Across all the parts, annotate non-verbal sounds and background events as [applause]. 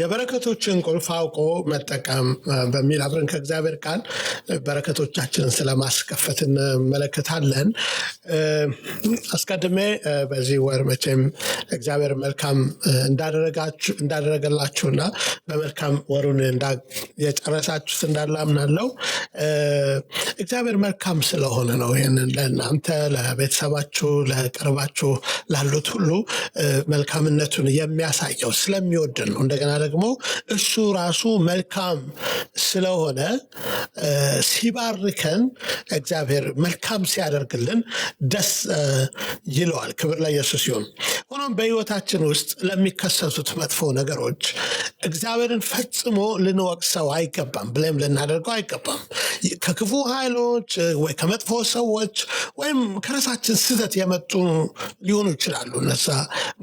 የበረከቶችን ቁልፍ አውቆ መጠቀም በሚል አብረን ከእግዚአብሔር ቃል በረከቶቻችንን ስለማስከፈት እንመለከታለን። አስቀድሜ በዚህ ወር መቼም እግዚአብሔር መልካም እንዳደረገላችሁና በመልካም ወሩን የጨረሳችሁት እንዳላምናለው እግዚአብሔር መልካም ስለሆነ ነው። ይህንን ለእናንተ ለቤተሰባችሁ፣ ለቅርባችሁ ላሉት ሁሉ መልካምነቱን የሚያሳየው ስለሚወድ ነው። እንደገና ደግሞ እሱ ራሱ መልካም ስለሆነ ሲባርከን እግዚአብሔር መልካም ሲያደርግልን ደስ ይለዋል። ክብር የሱ ሲሆን ሆኖም በህይወታችን ውስጥ ለሚከሰቱት መጥፎ ነገሮች እግዚአብሔርን ፈጽሞ ልንወቅሰው አይገባም፣ ብለም ልናደርገው አይገባም። ከክፉ ኃይሎች ወይ ከመጥፎ ሰዎች ወይም ከራሳችን ስህተት የመጡ ሊሆኑ ይችላሉ እነዛ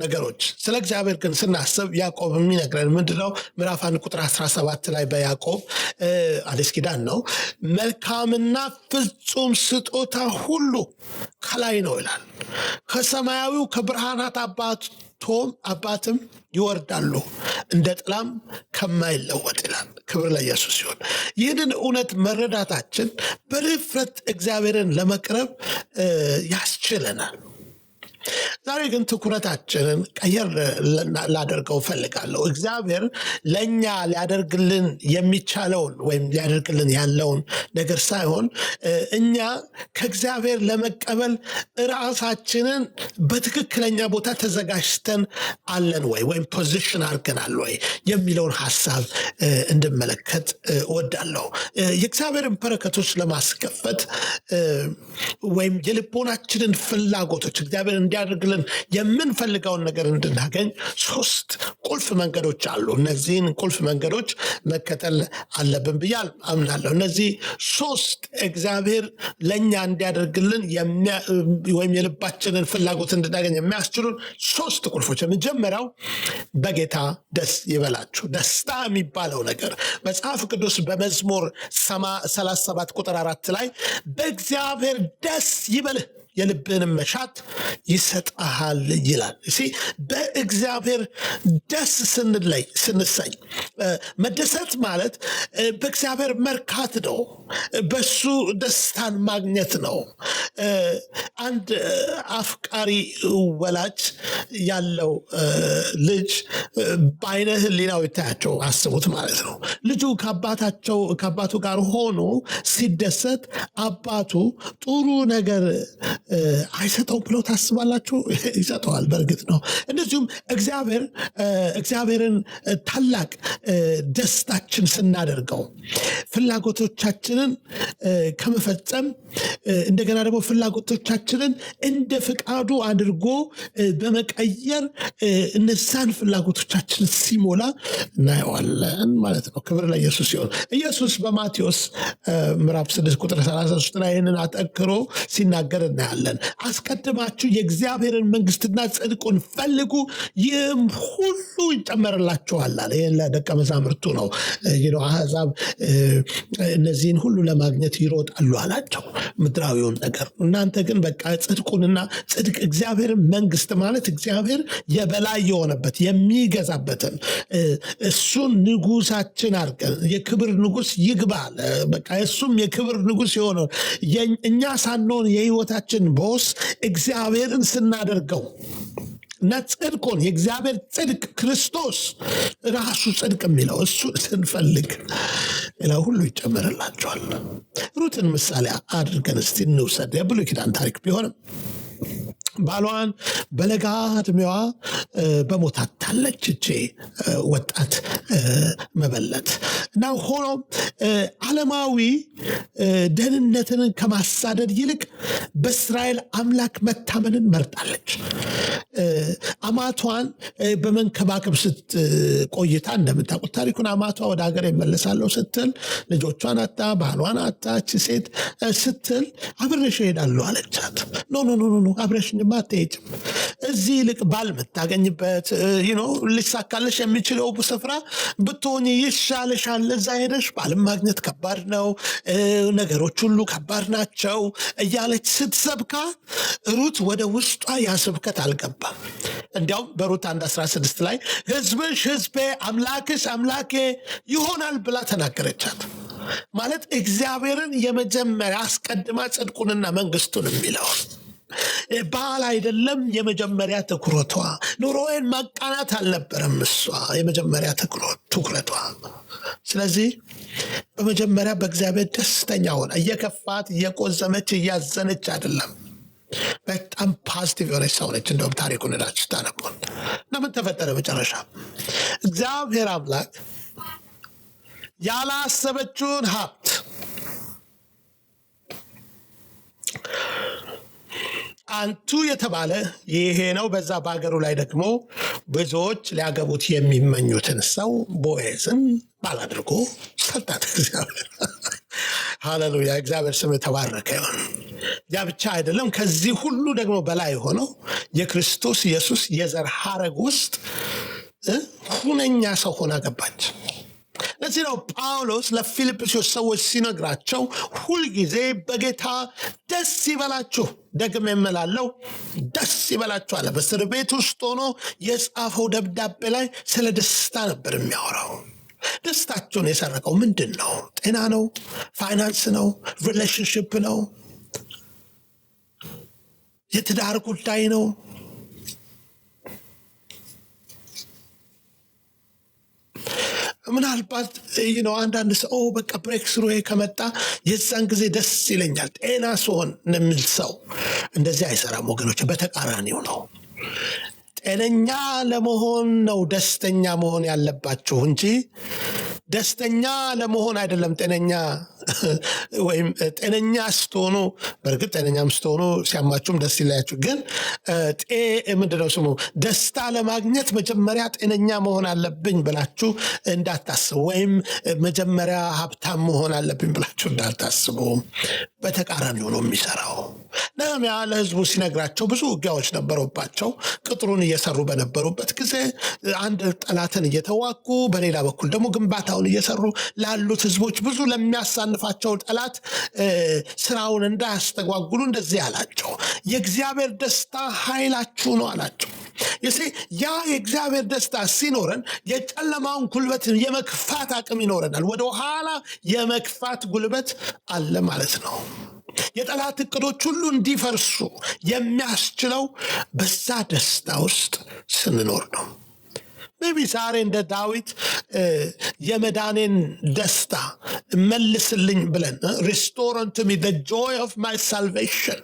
ነገሮች። ስለ እግዚአብሔር ግን ስናስብ ያቆብ የሚነግረ ምንድነው? ምዕራፍ አንድ ቁጥር 17 ላይ በያዕቆብ አዲስ ኪዳን ነው። መልካምና ፍጹም ስጦታ ሁሉ ከላይ ነው ይላል፣ ከሰማያዊው ከብርሃናት አባቶም አባትም ይወርዳሉ እንደ ጥላም ከማይለወጥ ይላል። ክብር ለኢየሱስ ሲሆን ይህንን እውነት መረዳታችን በድፍረት እግዚአብሔርን ለመቅረብ ያስችለናል። ዛሬ ግን ትኩረታችንን ቀየር ላደርገው ፈልጋለሁ እግዚአብሔር ለእኛ ሊያደርግልን የሚቻለውን ወይም ሊያደርግልን ያለውን ነገር ሳይሆን እኛ ከእግዚአብሔር ለመቀበል ራሳችንን በትክክለኛ ቦታ ተዘጋጅተን አለን ወይ ወይም ፖዚሽን አድርገናል ወይ የሚለውን ሀሳብ እንድመለከት እወዳለሁ። የእግዚአብሔርን በረከቶች ለማስከፈት ወይም የልቦናችንን ፍላጎቶች እግዚአብሔር እንዲያደርግልን የምንፈልገውን ነገር እንድናገኝ ሶስት ቁልፍ መንገዶች አሉ። እነዚህን ቁልፍ መንገዶች መከተል አለብን ብዬ አምናለሁ። እነዚህ ሶስት እግዚአብሔር ለእኛ እንዲያደርግልን ወይም የልባችንን ፍላጎት እንድናገኝ የሚያስችሉን ሶስት ቁልፎች። የመጀመሪያው በጌታ ደስ ይበላችሁ። ደስታ የሚባለው ነገር መጽሐፍ ቅዱስ በመዝሙር 37 ቁጥር አራት ላይ በእግዚአብሔር ደስ ይበልህ የልብን መሻት ይሰጠሃል ይላል። እሺ በእግዚአብሔር ደስ ስንለይ ስንሰኝ መደሰት ማለት በእግዚአብሔር መርካት ነው። በሱ ደስታን ማግኘት ነው። አንድ አፍቃሪ ወላጅ ያለው ልጅ በአይነ ህሊናው ይታያቸው አስቡት ማለት ነው። ልጁ ከአባታቸው ከአባቱ ጋር ሆኖ ሲደሰት አባቱ ጥሩ ነገር አይሰጠው ብለው ታስባላችሁ? [laughs] ይሰጠዋል። በእርግጥ ነው። እንደዚሁም እግዚአብሔር እግዚአብሔርን ታላቅ ደስታችን ስናደርገው ፍላጎቶቻችንን ከመፈጸም እንደገና ደግሞ ፍላጎቶቻችንን እንደ ፍቃዱ አድርጎ በመቀየር እነዛን ፍላጎቶቻችን ሲሞላ እናየዋለን ማለት ነው። ክብር ለኢየሱስ ሲሆን ኢየሱስ በማቴዎስ ምዕራፍ 6 ቁጥር 33 ላይ ይህንን አጠክሮ ሲናገር እናያለን። እንላለን። አስቀድማችሁ የእግዚአብሔርን መንግስትና ጽድቁን ፈልጉ፣ ይህም ሁሉ ይጨመርላችኋል አለ። ይህን ለደቀ መዛሙርቱ ነው። አሕዛብ እነዚህን ሁሉ ለማግኘት ይሮጣሉ አላቸው፣ ምድራዊውን ነገር። እናንተ ግን በቃ ጽድቁንና ጽድቅ እግዚአብሔርን መንግስት ማለት እግዚአብሔር የበላይ የሆነበት የሚገዛበትን እሱን ንጉሳችን አድርገን የክብር ንጉስ ይግባል። በቃ እሱም የክብር ንጉስ የሆነ እኛ ሳንሆን የህይወታችን ቦስ እግዚአብሔርን ስናደርገው እና ጽድቁን የእግዚአብሔር ጽድቅ ክርስቶስ ራሱ ጽድቅ የሚለው እሱ ስንፈልግ ሌላ ሁሉ ይጨመርላቸዋል። ሩትን ምሳሌ አድርገን እስቲ እንውሰድ። የብሉይ ኪዳን ታሪክ ቢሆንም ባሏን በለጋ እድሜዋ በሞት አታለች። እቼ ወጣት መበለት እና ሆኖ አለማዊ ደህንነትን ከማሳደድ ይልቅ በእስራኤል አምላክ መታመንን መርጣለች። አማቷን በመንከባከብ ስት ቆይታ እንደምታውቁት ታሪኩን አማቷ ወደ ሀገር ይመለሳለሁ ስትል ልጆቿን አጣ፣ ባሏን አጣች ሴት ስትል አብሬሽ ይሄዳሉ አለቻት። ኖ ኖ ኖ ኖ አብሬሽኝማ አትሄጂም። እዚህ ይልቅ ባል ምታገኝበት ሊሳካልሽ የሚችለው ስፍራ ብትሆኝ ይሻልሻል። እዛ ሄደሽ ባልም ማግኘት ከባድ ነው፣ ነገሮች ሁሉ ከባድ ናቸው እያለች ስትሰብካ ሩት ወደ ውስጧ ያስብከት አልገባ አልገባም። እንዲያውም በሩት አንድ 16 ላይ ህዝብሽ ህዝቤ አምላክሽ አምላኬ ይሆናል ብላ ተናገረቻት። ማለት እግዚአብሔርን የመጀመሪያ አስቀድማ ጽድቁንና መንግስቱን የሚለው ባል አይደለም የመጀመሪያ ትኩረቷ። ኑሮዬን ማቃናት አልነበረም እሷ የመጀመሪያ ትኩረቷ። ስለዚህ በመጀመሪያ በእግዚአብሔር ደስተኛ ሆነ እየከፋት እየቆዘመች እያዘነች አይደለም በጣም ፓዚቲቭ የሆነች ሰው ነች። እንደውም ታሪኩን እላችሁ ታነቡን። ለምን ተፈጠረ? መጨረሻ እግዚአብሔር አምላክ ያላሰበችውን ሀብት አንቱ የተባለ ይሄ ነው። በዛ በሀገሩ ላይ ደግሞ ብዙዎች ሊያገቡት የሚመኙትን ሰው ቦዔዝን ባላድርጎ ሰጣት እግዚአብሔር። ሃሌሉያ! እግዚአብሔር ስም የተባረከ ይሆን ያ ብቻ አይደለም። ከዚህ ሁሉ ደግሞ በላይ ሆነው የክርስቶስ ኢየሱስ የዘር ሀረግ ውስጥ ሁነኛ ሰው ሆና ገባች። ለዚህ ነው ጳውሎስ ለፊልጵስዩስ ሰዎች ሲነግራቸው ሁልጊዜ በጌታ ደስ ይበላችሁ፣ ደግሜ እላለሁ ደስ ይበላችሁ አለ። ቤት ውስጥ ሆኖ የጻፈው ደብዳቤ ላይ ስለ ደስታ ነበር የሚያወራው። ደስታቸውን የሰረቀው ምንድን ነው? ጤና ነው? ፋይናንስ ነው? ሪሌሽንሽፕ ነው? የትዳር ጉዳይ ነው? ምናልባት ነው አንዳንድ ሰው በቃ ብሬክ ስሩ ከመጣ የዛን ጊዜ ደስ ይለኛል ጤና ሲሆን የሚል ሰው እንደዚህ አይሰራም ወገኖች፣ በተቃራኒው ነው። ጤነኛ ለመሆን ነው ደስተኛ መሆን ያለባችሁ እንጂ ደስተኛ ለመሆን አይደለም። ጤነኛ [laughs] ወይም ጤነኛ ስትሆኑ፣ በእርግጥ ጤነኛም ስትሆኑ ሲያማችሁም ደስ ይለያችሁ። ግን ጤ ምንድነው ስሙ ደስታ ለማግኘት መጀመሪያ ጤነኛ መሆን አለብኝ ብላችሁ እንዳታስቡ፣ ወይም መጀመሪያ ሀብታም መሆን አለብኝ ብላችሁ እንዳታስቡ። በተቃራኒው ነው የሚሰራው። ነህምያ ለህዝቡ ሲነግራቸው ብዙ ውጊያዎች ነበሩባቸው። ቅጥሩን እየሰሩ በነበሩበት ጊዜ አንድ ጠላትን እየተዋጉ፣ በሌላ በኩል ደግሞ ግንባታው ስራውን እየሰሩ ላሉት ህዝቦች ብዙ ለሚያሳንፋቸው ጠላት ስራውን እንዳያስተጓጉሉ እንደዚህ አላቸው። የእግዚአብሔር ደስታ ኃይላችሁ ነው አላቸው። ያ የእግዚአብሔር ደስታ ሲኖረን የጨለማውን ጉልበት የመክፋት አቅም ይኖረናል። ወደ ኋላ የመክፋት ጉልበት አለ ማለት ነው። የጠላት እቅዶች ሁሉ እንዲፈርሱ የሚያስችለው በዛ ደስታ ውስጥ ስንኖር ነው። ቢ ዛሬ እንደ ዳዊት የመዳኔን ደስታ መልስልኝ ብለን ሪስቶረንት ሚ ጆይ ኦፍ ማይ ሳልቬሽን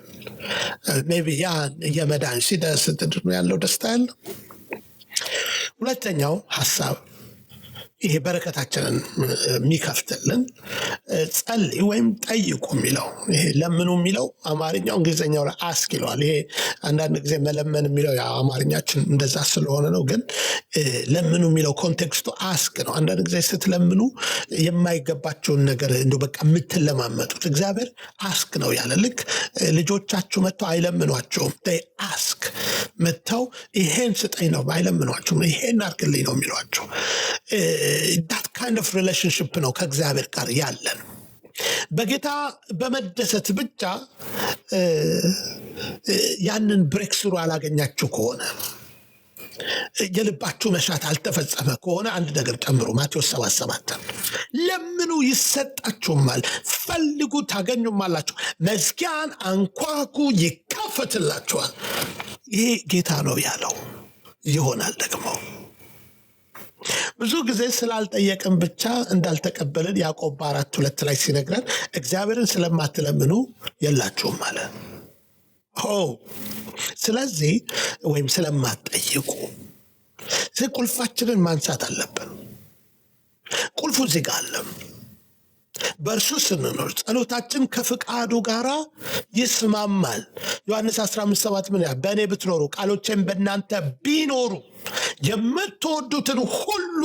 ቢ ያን የመዳን ሲደስት ያለው ደስታ ያለው ሁለተኛው ሀሳብ ይሄ በረከታችንን የሚከፍትልን ጸልይ ወይም ጠይቁ የሚለው ይሄ ለምኑ የሚለው አማርኛው እንግሊዝኛው ላይ አስክ ይለዋል። ይሄ አንዳንድ ጊዜ መለመን የሚለው አማርኛችን እንደዛ ስለሆነ ነው። ግን ለምኑ የሚለው ኮንቴክስቱ አስክ ነው። አንዳንድ ጊዜ ስትለምኑ የማይገባቸውን ነገር እንዲ በቃ የምትለማመጡት እግዚአብሔር አስክ ነው ያለ። ልክ ልጆቻችሁ መጥተው አይለምኗቸውም። አስክ መጥተው ይሄን ስጠኝ ነው አይለምኗቸውም። ይሄን አድርግልኝ ነው የሚሏቸው ዳት ካይንድ ኦፍ ሪሌሽንሽፕ ነው ከእግዚአብሔር ጋር ያለን። በጌታ በመደሰት ብቻ ያንን ብሬክ ስሩ አላገኛችሁ ከሆነ የልባችሁ መሻት አልተፈጸመ ከሆነ አንድ ነገር ጨምሮ ማቴዎስ ሰባት ሰባት ለምኑ ይሰጣችሁማል፣ ፈልጉ ታገኙማላችሁ፣ መዝጊያን አንኳኩ ይከፈትላችኋል። ይሄ ጌታ ነው ያለው ይሆናል ደግሞ ብዙ ጊዜ ስላልጠየቅን ብቻ እንዳልተቀበልን ያዕቆብ በአራት ሁለት ላይ ሲነግረን እግዚአብሔርን ስለማትለምኑ የላችሁም አለ። ሆ ስለዚህ ወይም ስለማትጠይቁ ቁልፋችንን ማንሳት አለብን። ቁልፉ እዚህ ጋር አለ። በእርሱ ስንኖር ጸሎታችን ከፍቃዱ ጋር ይስማማል። ዮሐንስ 15 ምን ያ በእኔ ብትኖሩ ቃሎቼም በእናንተ ቢኖሩ የምትወዱትን ሁሉ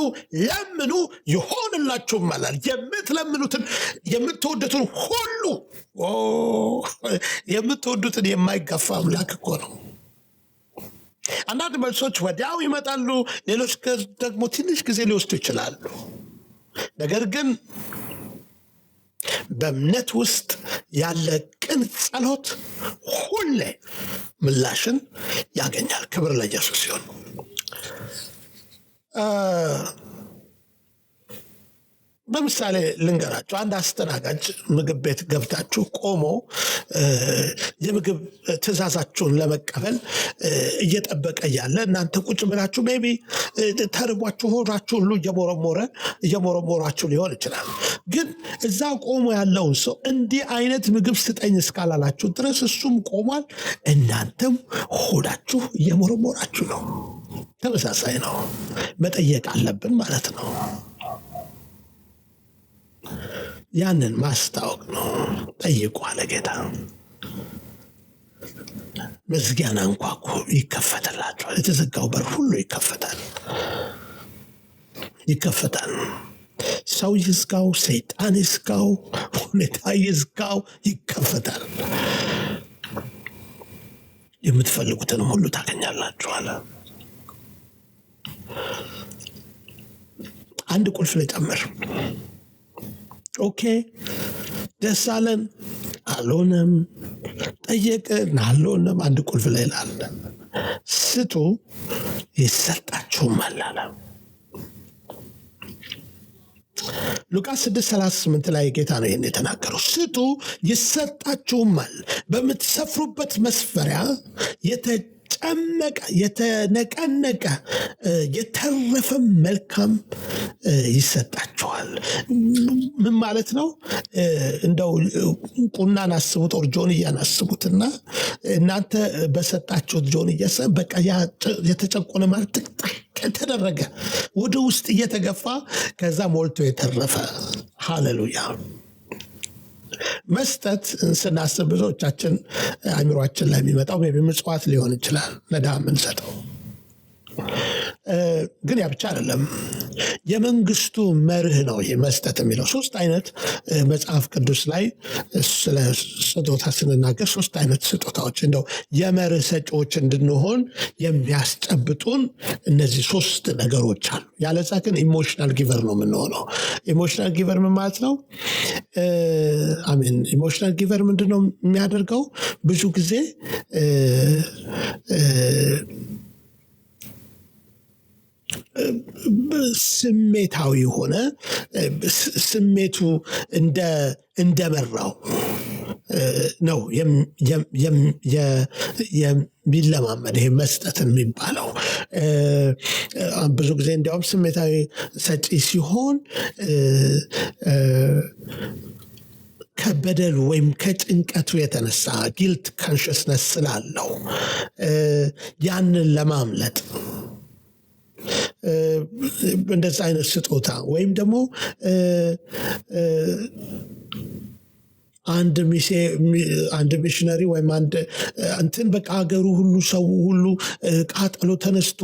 ለምኑ ይሆንላችሁም አላል። የምትለምኑትን የምትወዱትን ሁሉ የምትወዱትን የማይገፋ አምላክ እኮ ነው። አንዳንድ መልሶች ወዲያው ይመጣሉ፣ ሌሎች ደግሞ ትንሽ ጊዜ ሊወስዱ ይችላሉ። ነገር ግን በእምነት ውስጥ ያለ ቅን ጸሎት ሁሌ ምላሽን ያገኛል። ክብር ለኢየሱስ ሲሆን በምሳሌ ልንገራቸው አንድ አስተናጋጅ ምግብ ቤት ገብታችሁ ቆሞ የምግብ ትእዛዛችሁን ለመቀበል እየጠበቀ እያለ እናንተ ቁጭ ብላችሁ ቢ ተርቧችሁ ሆዳችሁ ሁሉ እየሞረሞረ እየሞረሞራችሁ ሊሆን ይችላል። ግን እዛ ቆሞ ያለውን ሰው እንዲህ አይነት ምግብ ስጠኝ እስካላላችሁ ድረስ እሱም ቆሟል፣ እናንተም ሆዳችሁ እየሞረሞራችሁ ነው። ተመሳሳይ ነው። መጠየቅ አለብን ማለት ነው። ያንን ማስታወቅ ነው። ጠይቁ አለ ጌታ። መዝጊያን አንኳኩ፣ ይከፈትላቸዋል። የተዘጋው በር ሁሉ ይከፈታል ይከፈታል። ሰው ይዝጋው፣ ሰይጣን ይዝጋው፣ ሁኔታ ይዝጋው፣ ይከፈታል። የምትፈልጉትንም ሁሉ ታገኛላችኋል። አንድ ቁልፍ ልጨምር። ኦኬ ደስ አለን አልሆነም፣ ጠየቅን አልሆነም፣ አንድ ቁልፍ ላይ ላለ ስጡ ይሰጣችሁም አላለ። ሉቃስ 6፥38 ላይ ጌታ ነው ይህን የተናገረው። ስጡ ይሰጣችሁማል፣ በምትሰፍሩበት መስፈሪያ የተጨመቀ የተነቀነቀ የተረፈ መልካም ይሰጣቸዋል። ምን ማለት ነው? እንደው ቁናን አስቡት፣ ር ጆንያን አስቡት እና እናንተ በሰጣችሁት ጆንያ ሰ በቃ የተጨቆነ ማለት ጥቅጥቅ የተደረገ ወደ ውስጥ እየተገፋ ከዛ ሞልቶ የተረፈ ሃሌሉያ መስጠት ስናስብ ብዙዎቻችን አይምሯችን ላይ የሚመጣው ምጽዋት ሊሆን ይችላል ለድሃ የምንሰጠው ግን ያ ብቻ አይደለም። የመንግስቱ መርህ ነው ይህ መስጠት የሚለው ሶስት አይነት መጽሐፍ ቅዱስ ላይ ስለ ስጦታ ስንናገር ሶስት አይነት ስጦታዎች እንደው የመርህ ሰጪዎች እንድንሆን የሚያስጨብጡን እነዚህ ሶስት ነገሮች አሉ። ያለዛ ግን ኢሞሽናል ጊቨር ነው የምንሆነው። ኢሞሽናል ጊቨር ምን ማለት ነው? አሜን። ኢሞሽናል ጊቨር ምንድነው የሚያደርገው? ብዙ ጊዜ ስሜታዊ ሆነ ስሜቱ እንደመራው ነው የሚለማመድ ይሄ መስጠት የሚባለው ብዙ ጊዜ እንዲያውም ስሜታዊ ሰጪ ሲሆን ከበደሉ ወይም ከጭንቀቱ የተነሳ ጊልት ካንሽስነስ ስላለው ያንን ለማምለጥ እንደዚህ አይነት ስጦታ ወይም ደግሞ አንድ አንድ ሚሽነሪ ወይም አንድ እንትን በቃ ሀገሩ ሁሉ ሰው ሁሉ ቃጠሎ ተነስቶ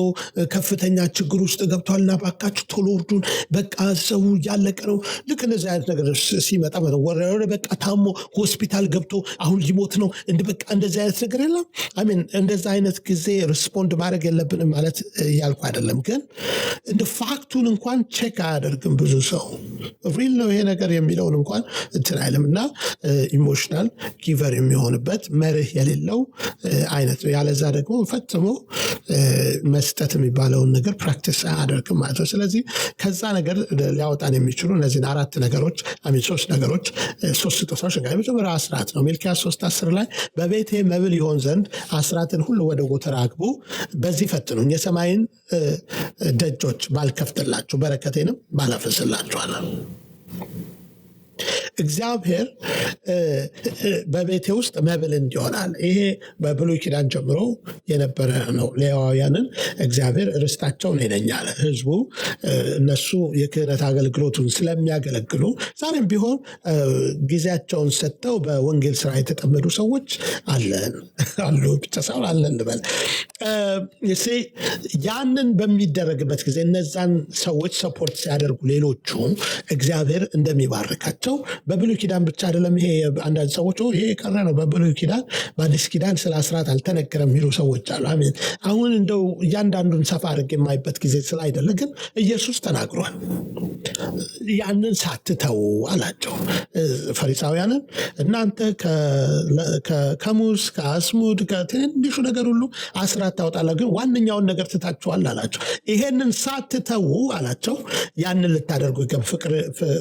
ከፍተኛ ችግር ውስጥ ገብቷልና ባካችሁ ቶሎ እርዱን፣ በቃ ሰው እያለቀ ነው። ልክ እንደዚህ አይነት ነገር ሲመጣ ወረወረ በቃ ታሞ ሆስፒታል ገብቶ አሁን ሊሞት ነው እንደ በቃ እንደዚህ አይነት ነገር የለም። አሚን እንደዚ አይነት ጊዜ ሪስፖንድ ማድረግ የለብንም ማለት እያልኩ አይደለም፣ ግን እንደ ፋክቱን እንኳን ቼክ አያደርግም ብዙ ሰው ሪል ነው ይሄ ነገር የሚለውን እንኳን እንትን አይልም እና ኢሞሽናል ጊቨር የሚሆንበት መርህ የሌለው አይነት ነው። ያለዛ ደግሞ ፈጽሞ መስጠት የሚባለውን ነገር ፕራክቲስ አያደርግም ማለት ነው። ስለዚህ ከዛ ነገር ሊያወጣን የሚችሉ እነዚህን አራት ነገሮች ሶስት ነገሮች ሶስት ስጦታዎች ነገር የመጀመሪያ አስራት ነው። ሚልኪያስ ሶስት አስር ላይ በቤቴ መብል ይሆን ዘንድ አስራትን ሁሉ ወደ ጎተራ አግቡ፣ በዚህ ፈትኑ የሰማይን ደጆች ባልከፍትላችሁ በረከቴንም ባላፈስላችኋለ እግዚአብሔር በቤቴ ውስጥ መብል እንዲሆናል። ይሄ በብሉ ኪዳን ጀምሮ የነበረ ነው። ሌዋውያንን እግዚአብሔር ርስታቸው ነው ይለኛል። ህዝቡ እነሱ የክህነት አገልግሎቱን ስለሚያገለግሉ ዛሬም ቢሆን ጊዜያቸውን ሰጥተው በወንጌል ስራ የተጠመዱ ሰዎች አለን [laughs] አሉ ብቻ ሳይሆን አለን ልበል። ያንን በሚደረግበት ጊዜ እነዛን ሰዎች ሰፖርት ሲያደርጉ ሌሎቹ እግዚአብሔር እንደሚባርካቸው ሰው በብሉ ኪዳን ብቻ አይደለም። ይሄ አንዳንድ ሰዎች ይሄ የቀረ ነው በብሉ ኪዳን በአዲስ ኪዳን ስለ አስራት አልተነገረም ሚሉ ሰዎች አሉ። አሜን። አሁን እንደው እያንዳንዱን ሰፋ አድርግ የማይበት ጊዜ ስላይደለ ግን ኢየሱስ ተናግሯል። ያንን ሳትተው አላቸው ፈሪሳውያንን እናንተ ከሙስ ከአስሙድ ከትንሹ ነገር ሁሉ አስራት ታወጣለ ግን ዋነኛውን ነገር ትታችኋል አላቸው። ይሄንን ሳትተው አላቸው ያንን ልታደርጉ ፍቅር፣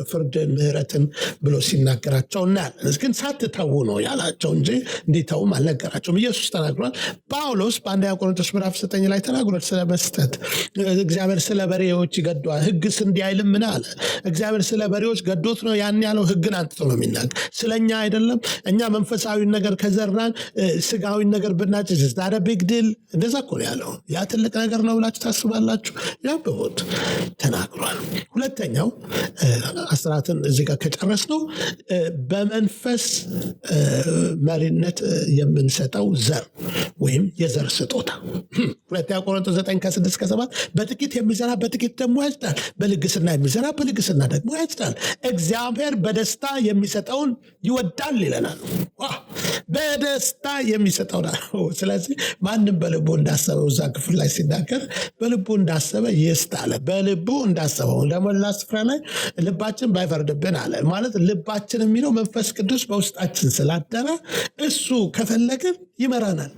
ፍርድ፣ ምህረትን ብሎ ሲናገራቸው እናያለን። ግን ሳትተዉ ነው ያላቸው እንጂ እንዲተውም አልነገራቸውም። ኢየሱስ ተናግሯል። ጳውሎስ በአንደኛ ቆሮንቶስ ምራፍ ዘጠኝ ላይ ተናግሯል። ስለ መስጠት እግዚአብሔር ስለ በሬዎች ይገደዋል፣ ህግስ እንዲህ አይልም? ምን አለ? እግዚአብሔር ስለ በሬዎች ገዶት ነው ያን ያለው። ህግን አንጥቶ ነው የሚናገ ስለ እኛ አይደለም። እኛ መንፈሳዊን ነገር ከዘራን ስጋዊን ነገር ብናጭ ዛረ ቢግ ድል እንደዛ ኮ ያለው። ያ ትልቅ ነገር ነው ብላችሁ ታስባላችሁ? ያበቦት ተናግሯል። ሁለተኛው አስራትን እዚጋ ድረስ ነው በመንፈስ መሪነት የምንሰጠው ዘር ወይም የዘር ስጦታ ሁለተኛ ቆሮንቶስ 9 ከ6 ከ7 በጥቂት የሚዘራ በጥቂት ደግሞ ያጭዳል፣ በልግስና የሚዘራ በልግስና ደግሞ ያጭዳል። እግዚአብሔር በደስታ የሚሰጠውን ይወዳል ይለናል። በደስታ የሚሰጠው ስለዚህ ማንም በልቡ እንዳሰበ እዛ ክፍል ላይ ሲናገር በልቡ እንዳሰበ ይስጥ አለ። በልቡ እንዳሰበው ለሞላ ስፍራ ላይ ልባችን ባይፈርድብን አለ። ማለት ልባችን የሚለው መንፈስ ቅዱስ በውስጣችን ስላደረ እሱ ከፈለገን ይመራናል፣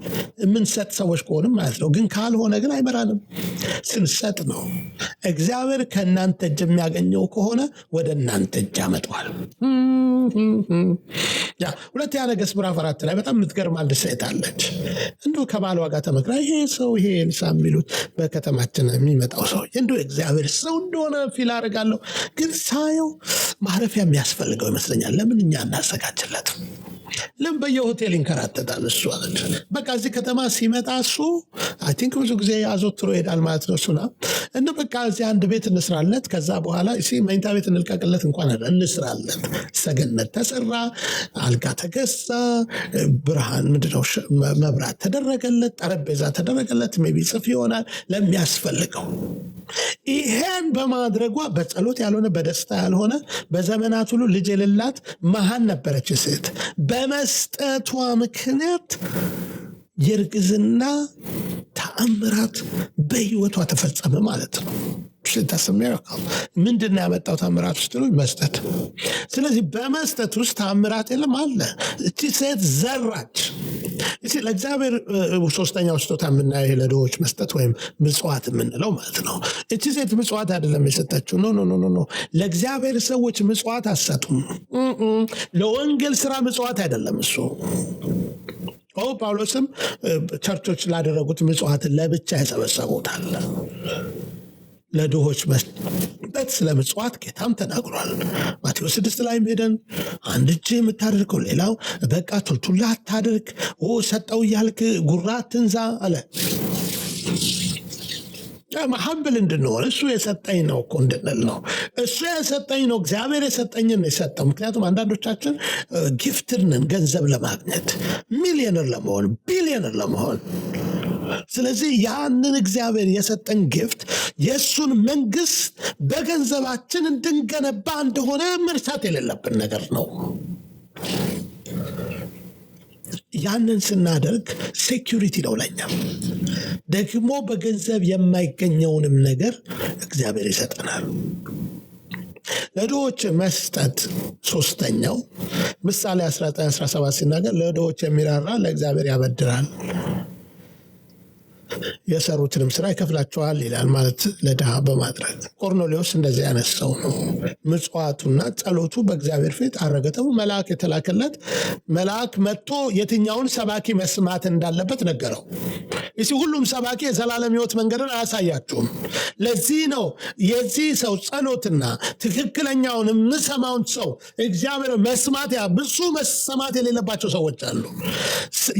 የምንሰጥ ሰዎች ከሆንም ማለት ነው። ግን ካልሆነ ግን አይመራንም። ስንሰጥ ነው። እግዚአብሔር ከእናንተ እጅ የሚያገኘው ከሆነ ወደ እናንተ እጅ ያመጣዋል። ያ ሁለተኛ ነገሥት ምዕራፍ አራት ላይ በጣም የምትገርም አንድ ሴት አለች። እንዲሁ ከባል ዋጋ ተመክራ ይሄ ሰው ይሄ ንሳ የሚሉት በከተማችን የሚመጣው ሰው እንዲሁ እግዚአብሔር ሰው እንደሆነ ፊል አደርጋለሁ፣ ግን ሳየው ማረፊያ የሚያስፈልገው ይመስለኛል። ለምን እኛ እናዘጋጅለትም? ለምን በየሆቴል ይንከራተታል? እሱ አለ በቃ እዚህ ከተማ ሲመጣ እሱ ቲንክ ብዙ ጊዜ አዘወትሮ ይሄዳል ማለት ነው። እሱና እና በቃ እዚህ አንድ ቤት እንስራለት፣ ከዛ በኋላ መኝታ ቤት እንልቀቅለት እንኳን እንስራለት። ሰገነት ተሰራ፣ አልጋ ተገዛ፣ ብርሃን ምንድነው መብራት ተደረገለት፣ ጠረጴዛ ተደረገለት፣ ቢ ጽፍ ይሆናል ለሚያስፈልገው ይሄን በማድረጓ በጸሎት ያልሆነ በደስታ ያልሆነ በዘመናት ሁሉ ልጅ የሌላት መሀን ነበረች ሴት በመስጠቷ ምክንያት የእርግዝና ተአምራት በህይወቷ ተፈጸመ ማለት ነው። ስልታስ ምንድን ነው ያመጣው ታምራት ውስጥ መስጠት። ስለዚህ በመስጠት ውስጥ ታምራት የለም አለ። እቺ ሴት ዘራች። ለእግዚአብሔር ሶስተኛው ስጦታ የምናየው ለድዎች መስጠት ወይም ምጽዋት የምንለው ማለት ነው። እቺ ሴት ምጽዋት አይደለም የሰጠችው። ኖ ኖ ኖ፣ ለእግዚአብሔር ሰዎች ምጽዋት አሰጡም። ለወንጌል ስራ ምጽዋት አይደለም እሱ ኦ ጳውሎስም ቸርቾች ላደረጉት ምጽዋት ለብቻ የሰበሰቡታል ለድሆች መስጠት ስለ ምጽዋት ጌታም ተናግሯል። ማቴዎስ ስድስት ላይም ሄደን አንድ እጅ የምታደርገው ሌላው በቃ ቱልቱላ አታድርግ፣ ሰጠው እያልክ ጉራ ትንዛ አለ። መሀብል እንድንሆን እሱ የሰጠኝ ነው እኮ እንድንል ነው። እሱ የሰጠኝ ነው። እግዚአብሔር የሰጠኝን የሰጠው። ምክንያቱም አንዳንዶቻችን ጊፍትንን ገንዘብ ለማግኘት ሚሊዮነር ለመሆን ቢሊዮነር ለመሆን ስለዚህ ያንን እግዚአብሔር የሰጠን ጊፍት የእሱን መንግስት በገንዘባችን እንድንገነባ እንደሆነ መርሳት የሌለብን ነገር ነው። ያንን ስናደርግ ሴኪሪቲ ነው ለኛ። ደግሞ በገንዘብ የማይገኘውንም ነገር እግዚአብሔር ይሰጠናል። ለድሆች መስጠት ሶስተኛው ምሳሌ 1917 ሲናገር ለድሆች የሚራራ ለእግዚአብሔር ያበድራል የሰሩትንም ስራ ይከፍላቸዋል ይላል። ማለት ለድሃ በማድረግ ቆርኔሌዎስ እንደዚህ ያነሳው ነው። ምጽዋቱና ጸሎቱ በእግዚአብሔር ፊት አረገተው መልአክ የተላከለት መልአክ መጥቶ የትኛውን ሰባኪ መስማት እንዳለበት ነገረው። እዚህ ሁሉም ሰባኪ የዘላለም ህይወት መንገድን አያሳያችሁም። ለዚህ ነው የዚህ ሰው ጸሎትና ትክክለኛውን የምሰማውን ሰው እግዚአብሔር መስማት ያ ብዙ መሰማት የሌለባቸው ሰዎች አሉ።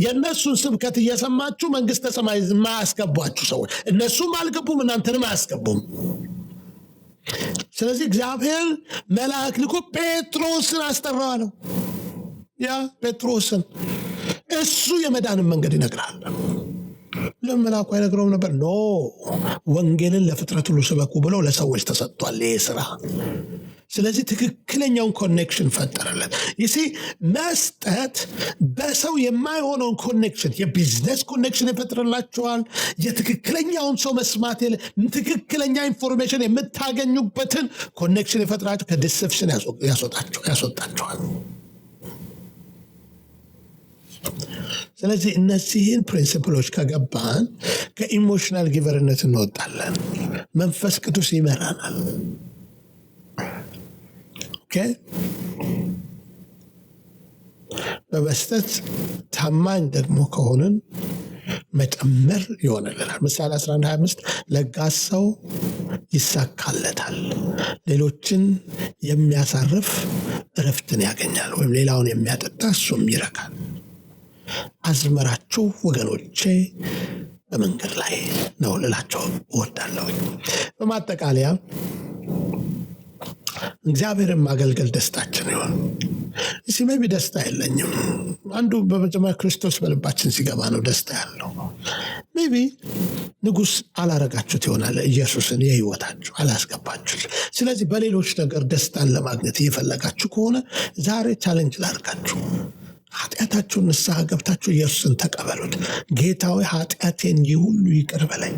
የእነሱን ስብከት እየሰማችሁ መንግስተ ሰማይ አስገቧችሁ ሰዎች። እነሱም አልገቡም፣ እናንተንም አያስገቡም። ስለዚህ እግዚአብሔር መልአክ ልኮ ጴጥሮስን አስጠራ ነው። ያ ጴጥሮስን እሱ የመዳንን መንገድ ይነግራል። ለምን መልአኩ አይነግረውም ነበር? ኖ ወንጌልን ለፍጥረት ሁሉ ስበኩ ብለው ለሰዎች ተሰጥቷል ይህ ስራ ስለዚህ ትክክለኛውን ኮኔክሽን ፈጠረለት። ይሲ መስጠት በሰው የማይሆነውን ኮኔክሽን የቢዝነስ ኮኔክሽን ይፈጥርላቸዋል የትክክለኛውን ሰው መስማት ትክክለኛ ኢንፎርሜሽን የምታገኙበትን ኮኔክሽን ይፈጥራችሁ፣ ከዲሰፕሽን ያስወጣችኋል። ስለዚህ እነዚህን ፕሪንስፕሎች ከገባን ከኢሞሽናል ጊቨርነት እንወጣለን። መንፈስ ቅዱስ ይመራናል። በመስጠት ታማኝ ደግሞ ከሆንን መጨመር ይሆንልናል። ምሳሌ 1125 ለጋስ ሰው ይሳካለታል፣ ሌሎችን የሚያሳርፍ እረፍትን ያገኛል፣ ወይም ሌላውን የሚያጠጣ እሱም ይረካል። አዝመራችሁ ወገኖቼ በመንገድ ላይ ነው ልላቸው እወዳለሁ። በማጠቃለያ እግዚአብሔርን ማገልገል ደስታችን ይሆን? ሲመቢ ደስታ የለኝም። አንዱ በመጀመሪያ ክርስቶስ በልባችን ሲገባ ነው ደስታ ያለው። ሜቢ ንጉስ አላረጋችሁት ይሆናል። ኢየሱስን የህይወታችሁ አላስገባችሁት። ስለዚህ በሌሎች ነገር ደስታን ለማግኘት እየፈለጋችሁ ከሆነ ዛሬ ቻለንጅ ላርጋችሁ ኃጢአታችሁን ንስሐ ገብታችሁ ኢየሱስን ተቀበሉት። ጌታ ኃጢአቴን ይሁሉ ይቅር በለኝ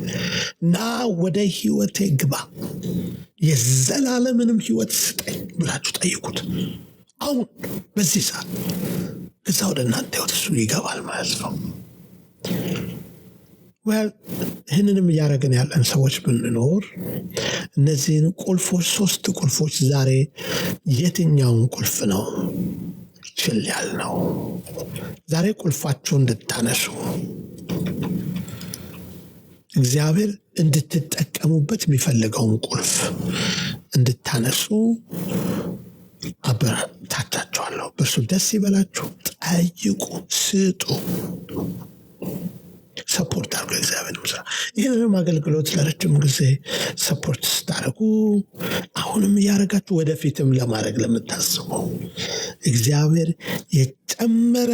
እና ወደ ህይወቴ ግባ የዘላለምንም ህይወት ስጠኝ ብላችሁ ጠይቁት። አሁን በዚህ ሰዓት ከዛ ወደ እናንተ ህይወት እሱ ይገባል ማለት ነው። ይህንንም እያደረግን ያለን ሰዎች ብንኖር እነዚህን ቁልፎች ሶስት ቁልፎች ዛሬ የትኛውን ቁልፍ ነው ችል ነው። ዛሬ ቁልፋችሁ እንድታነሱ እግዚአብሔር እንድትጠቀሙበት የሚፈልገውን ቁልፍ እንድታነሱ አበረታታችኋለሁ። በእርሱ ደስ ይበላችሁ፣ ጠይቁ፣ ስጡ። ሰፖርት አድርጎ እግዚአብሔርም ስራ ይህንንም አገልግሎት ለረጅም ጊዜ ሰፖርት ስታደርጉ አሁንም እያደረጋችሁ ወደፊትም ለማድረግ ለምታስበው እግዚአብሔር የጨመረ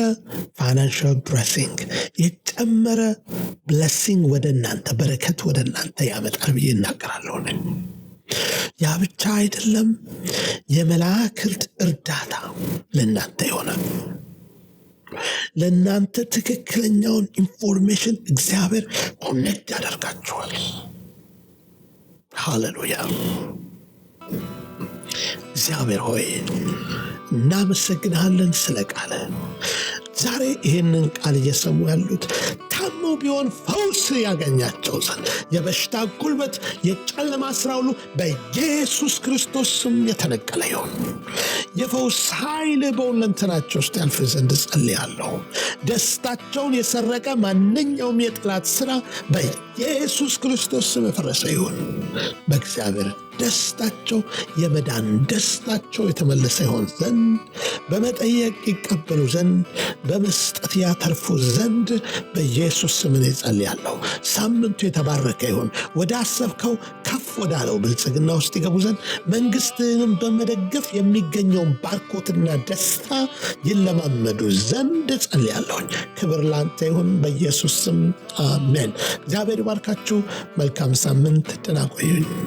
ፋይናንሽል ብሬሲንግ የጨመረ ብለሲንግ ወደ እናንተ በረከት ወደ እናንተ ያመጣል ብዬ እናገራለሁ። ያ ብቻ አይደለም፣ የመላክልት እርዳታ ለእናንተ ይሆናል። ለእናንተ ትክክለኛውን ኢንፎርሜሽን እግዚአብሔር ኮኔክት ያደርጋችኋል። ሃሌሉያ። እግዚአብሔር ሆይ እናመሰግናለን ስለ ቃለ ዛሬ ይህንን ቃል እየሰሙ ያሉት ታሞ ቢሆን ፈውስ ያገኛቸው ዘንድ የበሽታ ጉልበት፣ የጨለማ ስራ ሁሉ በኢየሱስ ክርስቶስ ስም የተነቀለ ይሁን። የፈውስ ኃይል በሁለንትናቸው ውስጥ ያልፍ ዘንድ ጸልያለሁ። ደስታቸውን የሰረቀ ማንኛውም የጥላት ስራ በ የኢየሱስ ክርስቶስ ስም የፈረሰ ይሁን። በእግዚአብሔር ደስታቸው የመዳን ደስታቸው የተመለሰ ይሆን ዘንድ በመጠየቅ ይቀበሉ ዘንድ በመስጠት ያተርፉ ዘንድ በኢየሱስ ስምን እኔ ሳምንቱ የተባረከ ይሁን። ወደ አሰብከው ከፍ ወዳለው ብልጽግና ውስጥ ይገቡ ዘንድ መንግስትንም በመደገፍ የሚገኘውን ባርኮትና ደስታ ይለማመዱ ዘንድ ጸልያለሁኝ። ክብር ላንተ ይሁን በኢየሱስ ስም አሜን። እግዚአብሔር ተባርካችሁ መልካም ሳምንት፣ ደናቆዩኝ